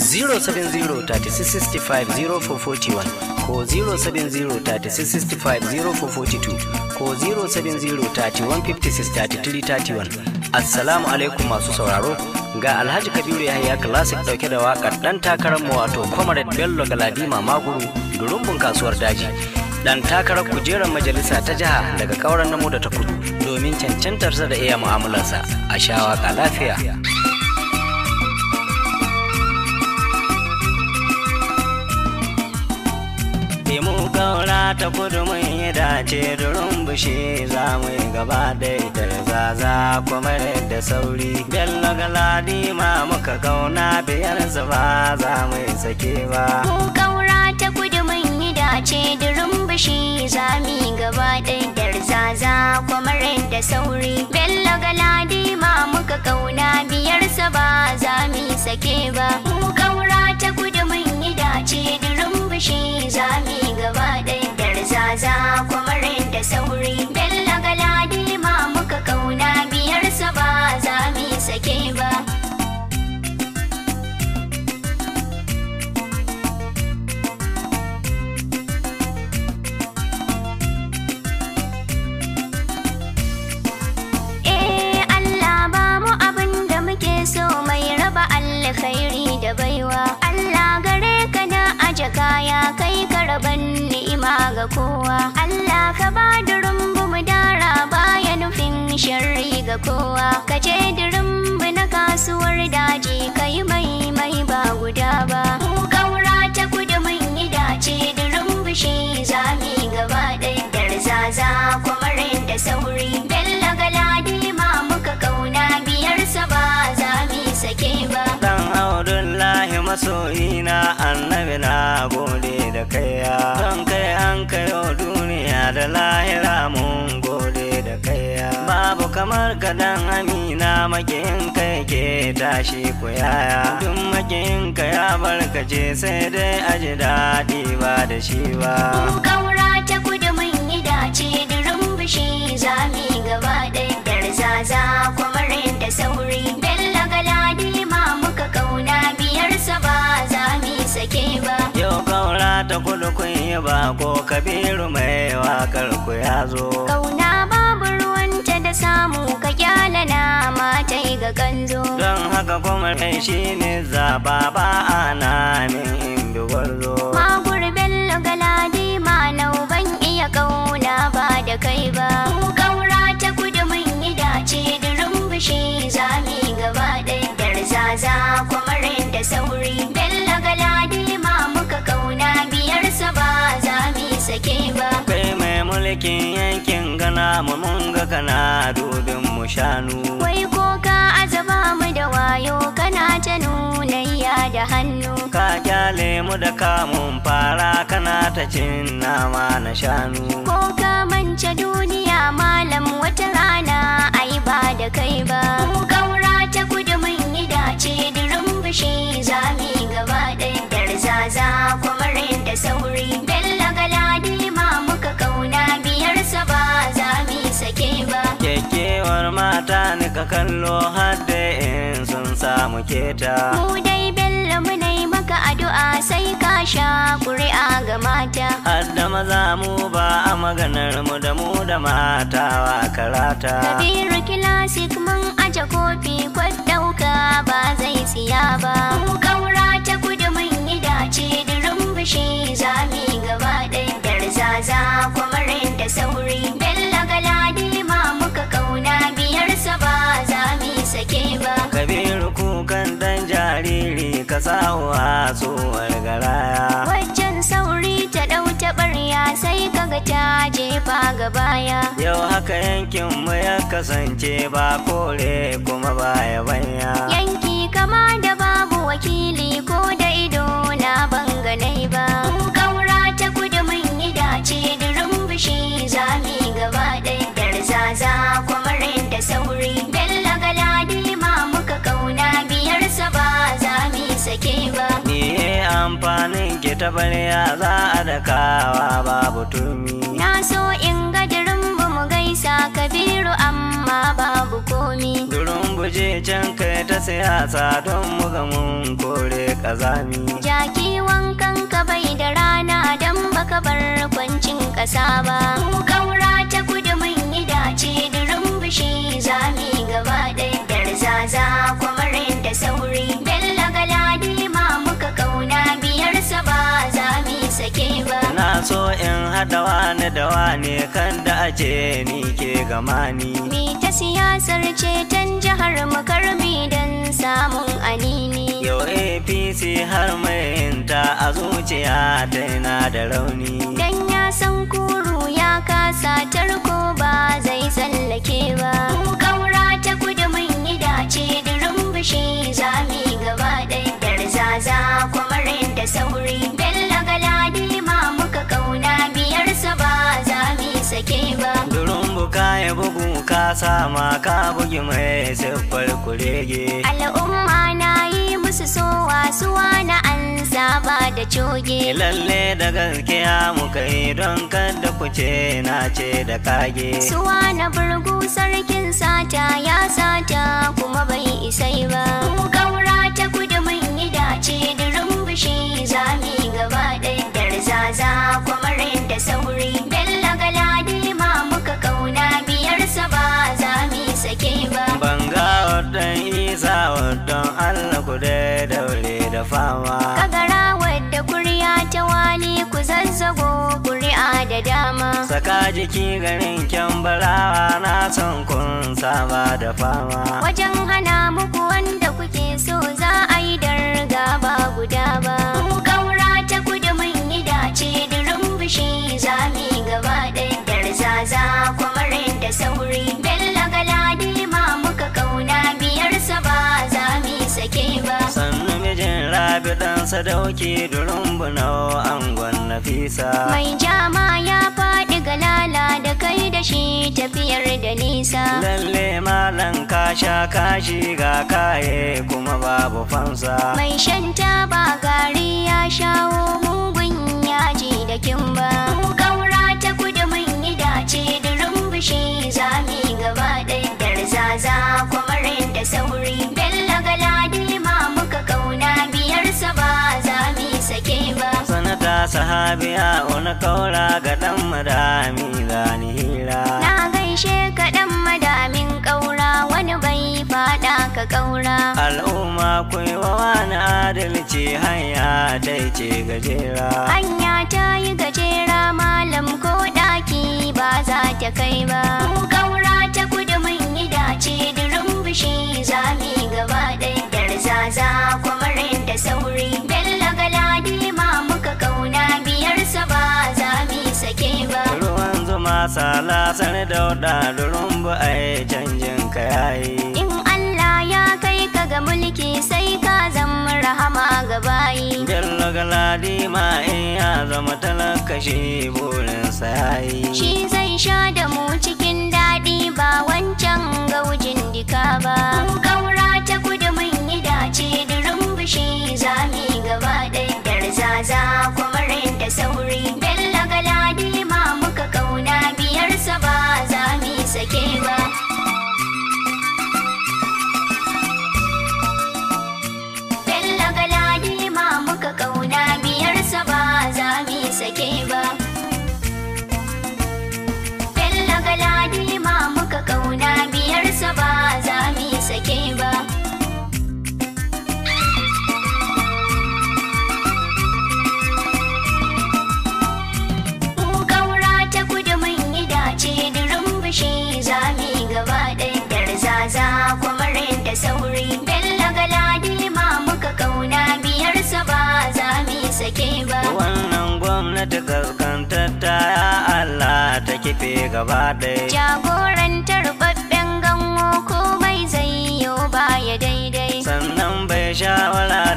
070-3665-0441 ko 070 0442 ko 070-3156-3331 assalamu alaikum masu sauraro ga alhaji kabiru yahaya classic dauke da wakar dan mu wato comrade bello galadima maguru durumbun kasuwar daji dan takarar kujerar majalisa ta jiha daga kauran namu da ta kudu domin cancantarsa da iya mu'amalarsa a shawa lafiya. ta kudu mun yi dace durin bushe za mu yi gaba da zaza kuma da sauri bello galadi ma muka kauna biyar zuba za mu yi sake ba mu kaura ta kudu mun yi dace durin bushe za mu yi gaba da zaza kuma da sauri bello galadi ma muka kauna biyar zuba za mu yi sake ba mu kaura ta kudu mun yi dace durin bushe za sauri Bello galadi ma muka kauna biyar su ba za mu sake ba ga kowa Allah ka ba rumbu mu dara baya nufin sharri ga kowa ka ce durumbu na kasuwar daji ka yi mai mai ba guda ba mu kaura ta kudu mun yi dace durumbu shi zami gaba ɗaya darzaza kuma da sauri bella galadi ma muka kauna biyar sa ba zami sake ba abdullahi masoyina annabi na gode da kaiya don kai an kayo duniya da lahira mun gode da kaiya babu kamar dan amina makin kai ke tashi ku yaya duk makin ka ya barkace sai dai aji daɗi ba da shi ba kaura ta kudu mun yi dace da rumbushi zami gaba ɗaya garzaza kuma da sauri bella galadi kauna biyarsa ba za mu sake ba. Yau kaura ta kudu kun yi ba ko kabiru mai wakar ku ya zo. Ƙauna babu ruwanta da samu ka kyala na matai ga kanzo. Don haka kuma rai shi ne zaba ba ana min inda gwarzo. Magur bello galadi ma nau ban iya ƙauna ba da kai ba. ƙaura ta kudu mun yi dace shi zami gaba ɗayyar zaza kwamarin da sauri bello galadi ma muka kauna biyarsa ba zami sake ba kai mai mulkin yankin gana mu mun ga kana dubin mu shanu wai ko ka azaba mu da wayo kana ta nunayya da hannu ka kyale mu da kamun fara ta cin nama na shanu. Ko ka mance duniya malam wata rana ai ba da kai ba. Mu kaura ta kudu mun yi dace durin bishi yi gaba da Darzaza kuma da sauri. Bello galadi ma muka kauna biyar sa ba za yi sake ba. kekewar mata ni ka kallo har da in sun samu keta. Mu dai Bello muna ƙuri'a ga mata. da maza mu ba a maganar mu da mu da mata wa karata. Kabiru kilasik mun aje kofi kwaddauka ba zai siya ba. Mu ƙaura ta kudu mun yi dace da rumbushi mu gaba ɗaya. Darzaza kwamarin da sauri. Bello galadi ma baka kauna biyar sa ba za mu sake ba kabiru kukan dan jariri ka sawo a tsohuwar garaya wajen sauri ta dau ɓarya, sai kaga ta jefa ga baya yau haka yankin mu ya kasance ba kore kuma baya banya yanki kama da babu wakili ko da ido na banganai ba ce da rumbushi yi gaba ɗaya dar zaza kwamarin da sauri bella galadi ma muka kauna biyar sa ba zami sake ba me amfanin ki ta za a dakawa babu tumi na so je can kai ta siyasa don mu ga mun kore kazami. Jaki wankan ka bai da rana don baka bar kwancin ƙasa ba. kaura ta kudu mun yi dace durin bishi zami gaba ɗaya. kuma kwamarin da sauri. Bello galadi ma muka kauna biyar na so in haɗawa wani da wani kan da ake ni ke gamani mi ta siyasar tan jihar makarmi don samun alini yau apc har mai a zuciya ta yana da rauni dan ya san ku ya kasa tarko ba zai tsallake ba mu kaura ta kudu mun yi dace da rumbushi zami gaba ɗaya darzaza kwamarin da sauri bella Ladi ma muka kauna biyarsa ba zami sake ba durumbu ka ya bugu ka sama ka bugi mai siffar kurege da coge eh, lalle da gaskiya mu kai don kada ku ce na ce da kage suwa na burgu sarkin sata ya sata kuma bai isai ba mu gaura ta kudu mun yi dace da rumbushi yi gaba ɗaya da rizaza kwamarin da sauri bella galadi ma muka kauna biyar biyarsa ba yi sake ba banga wadon isa wadon allah ku da daure da fama kagara zago ƙuri'a da dama. Saka jiki garin kyan barawa na son kun saba da fama. Wajen hana muku wanda kuke so za a yi darga ba guda ba. Mu ƙaura ta kudu mun yi dace durin bishi za mu gaba ɗaya. Darzaza kwamarin da sauri bella ne ma muka kauna biyarsa ba za mu sake ba. Sannu mijin rabi ɗansa dauki durin bunau angon. nafisa mai jama ya faɗi galala da kai da shi tafiyar da nisa lalle malam ka sha kashi ga kaye kuma babu fansa mai shan taba gari ya shawo mugun yaji da kimba ba kaura ta kudu mun yi dace da rumbushi zami gaba ɗaya darzaza kuma da sauri bella galadi ma muka kauna biyar sa sake ba sanata sahabiya wani kaura ga dan madami zani hira na gaishe ka dan madamin kaura wani bai fada ka kaura al'umma ku yi wa wani adalci hanya dai ce gajera hanya ta yi gajera malam ko daki ba za ta kai ba mu kaura ta kudu mun yi dace tumbushi zami gaba ɗaya darzaza kwamarin da sauri bello galadi ma muka kauna biyarsa sa ba zami sake ba ruwan zuma salasar dauda durumbu a canjin ka in Allah ya kai ka ga mulki sai rahama ga bayi jalla galadi ma eh, ya zama talaka shi burin sayayi shi zai sha da mu cikin daɗi ba wancan gaujin dika ba gaura ta kudu mun yi dace za mu zami gaba ɗaya darzaza kwamarin da sauri bello galadi ma muka kauna biyar sa ba zami sake ba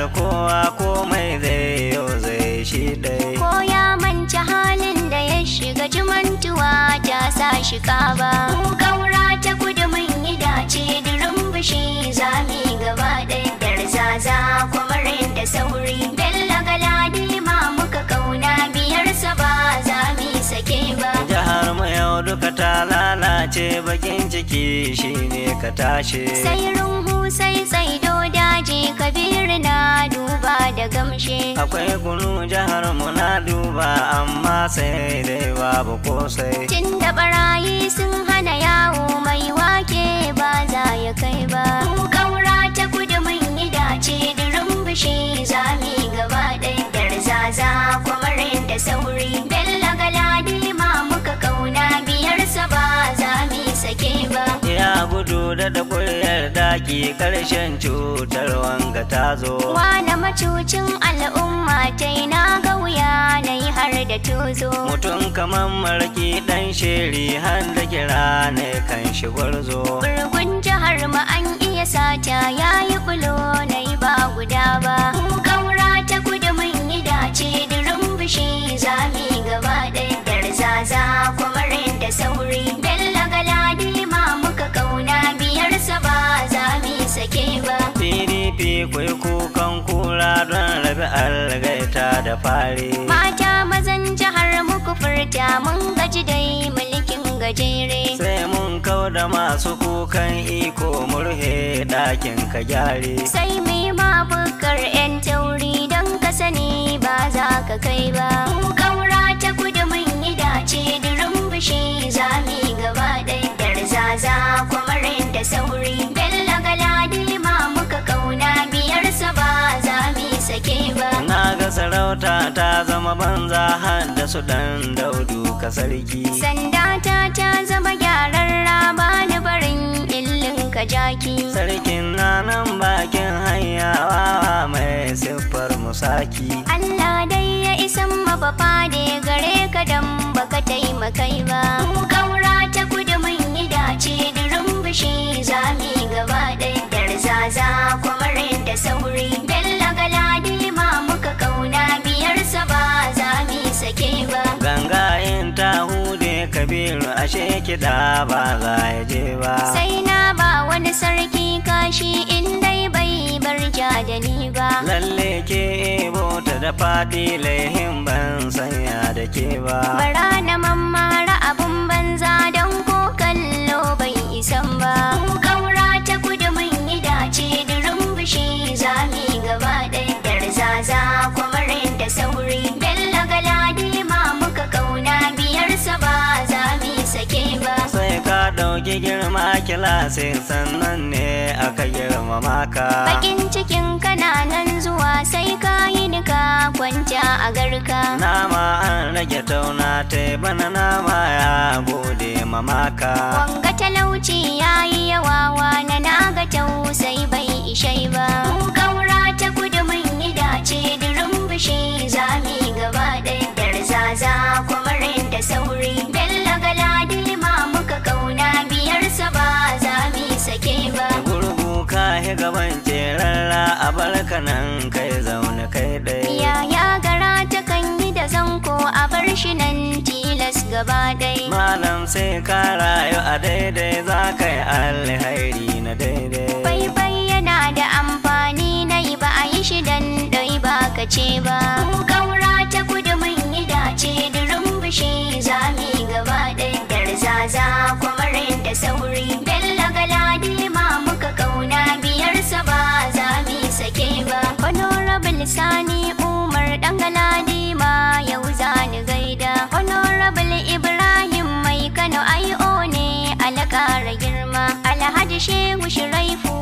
da kowa komai zai yau zai shi dai Ko ya manci halin da ya shiga jimantuwa ta sa shi kaba. Mu gaura ta kudu mun yi dace durin bishi zami gaba ɗaya. Darzaza kuma da sauri. bakin ciki shine ka tashi sai rungu sai tsaido daji kabiru na duba da gamshe akwai kunu jihar mu na duba amma sai dai babu kosai tun da barayi sun hana yawo mai wake ba za ya kai ba kaura ta kudu mun yi dace da rumbushi za mu gaba ɗaya da zaza kwamarin da sauri na gudu da da kuryar daki karshen cutar wanga ta zo wane macucin al'umma ta yi na ga wuya na yi har da tuzo. mutum kamar marki dan shiri har da kira ne kan shi gwarzo burgun jihar ma an iya sata ya yi kulo, na yi ba guda ba kaura ta gudu mun yi dace da mu zami gaba an ta da fari. Mata mazan jihar muku furta mun gaji dai mulkin gajere. Sai mun kau da masu kukan iko murhe ɗakin ka gyare. Sai mai ma bukar 'yan tauri don ka sani ba za ka kai ba. kaura ta kudu mun yi dace durin bishi za mu gaba ɗaya. Darzaza kwamarin da sauri. na ga sarauta ta zama banza hadda su dan daudu ka sarki sanda ta ta zama gyaran raba ni barin illin ka jaki sarkin nanan bakin hanyawa mai siffar musaki Allah dai ya isan mafafa da gare ka dan baka taimakai ba kaura ta kudu mun yi dace da rumbushi ba za a je ba sai na ba wani sarki kashi in dai bai bar da ni ba lalle ke bota da fadi laihin ban sanya da ke ba bara na mammara abun banza don ko kallo bai isan ba kaura ta kudi ba sai ka ɗauki girma kilasi sannan ne aka girmama ka bakin cikin kananan zuwa sai ka yi nika kwanta a garka nama an rage tauna ta bana nama ya gode mamaka wanga talauci ya yi yawa na naga tausayi bai ishai ba mu kaura ta gudu. a barka nan kai zaune kai ɗaya. Yaya gara ta kan yi da zanko a bar shi nan tilas gaba ɗai. Malam sai ka rayu a daidai za ka yi alhairi na daidai. Faifai yana da amfani na yi ba a yi shi dan ɗai ba ka ce ba. sani umar dangana ma yau ni gaida honorable ibrahim mai kano io ne alakara girma alhaji shehu shiraifu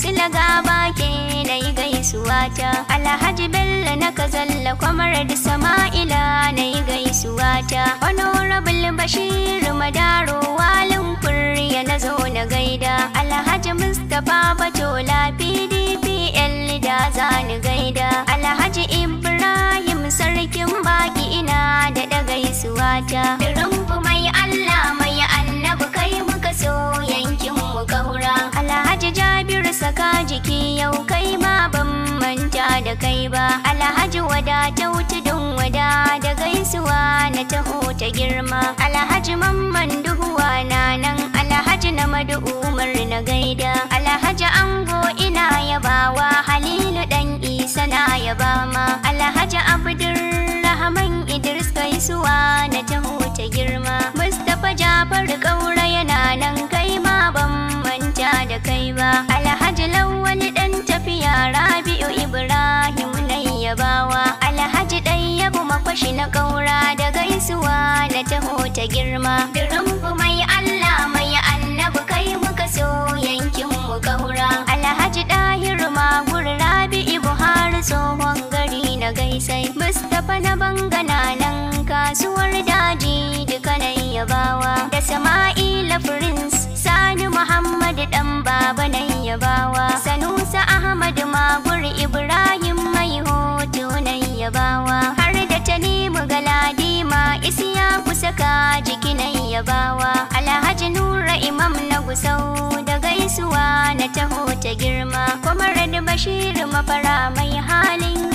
silaga bake na yi gaisuwa ta alhaji bello na kazalla kwamar da sama'ila na yi gaisuwa ta honorable bashir madaro walin kurya na zo na gaida alhaji mustapha bato lafi za zani gaida alhaji ibrahim sarkin baki ina da da gaisuwa ta rumbu mai allah mai Annabu kai muka so yankin mu kaura alhaji jabiru saka jiki yau kai ma ban manta da kai ba alhaji wada ta wuce don wada da gaisuwa na taho ta girma alhaji mamman duhuwa na nan alhaji na madu'u gaisuwa na taho ta girma Mustapha Jafaru Kaura yana nan kai ma ban manta da kai ba Alhaji lauwani dan tafiya Rabi'u Ibrahim Layyabawa Alhaji Dayyabu makwashi na Kaura da gaisuwa na taho ta girma Durumfu mai Allah mai annabi kai muka so yankin mu Kaura Alhaji Dahiru Magur Rabi'u Buhari tsoho sai Mustapha na bangana nan kasuwar daji duka nan yabawa da Sama'ila Prince Sani Muhammad dan baba nan yabawa Sanusa Ahmad Magur Ibrahim mai hoto nan yabawa har da Tanimu ma Isiya ka jiki nan yabawa Alhaji Nura Imam na gusau da gaisuwa na taho ta girma kuma Bashir mafara mai halin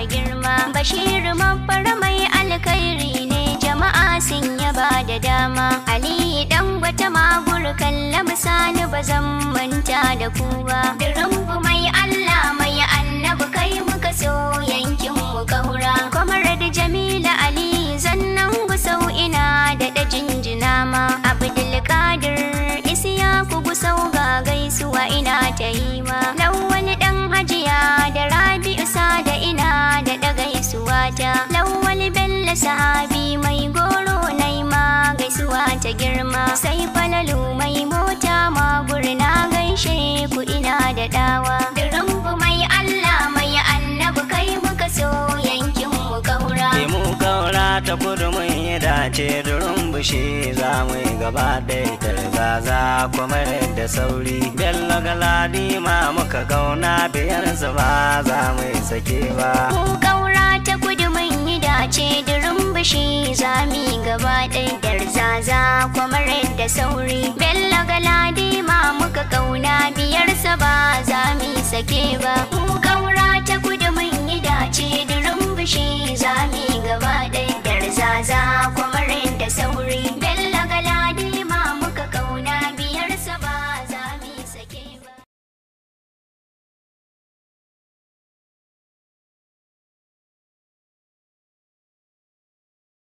fara girma bashir mafara mai alkhairi ne jama'a sun yaba da dama ali dan wata magur kalla misali ba zan manta da ku ba durambu mai allah mai annabi kai muka so yankin mu kaura kamar da jamila ali zannan gusau ina da jini. ta girma sai falalu mai mota ma na gaishe ku ina da dawa rumbu mai Allah mai annabu kai muka so yankin mu gaura ke mu gaura ta kudu mun yi dace durumbu shi za mu yi gaba ɗaya tarzaza kuma da sauri bello galadi ma muka gauna biyar zuba za mu yi sake ba mu gaura ta kudu fushi zami gaba ɗaidar zaza kwamar da sauri bello galadi ma muka kauna sa ba zami sake ba mu kaura ta kudu mun yi dace durin fushi zami gaba ɗaidar zaza kwamar da sauri bello galadi ma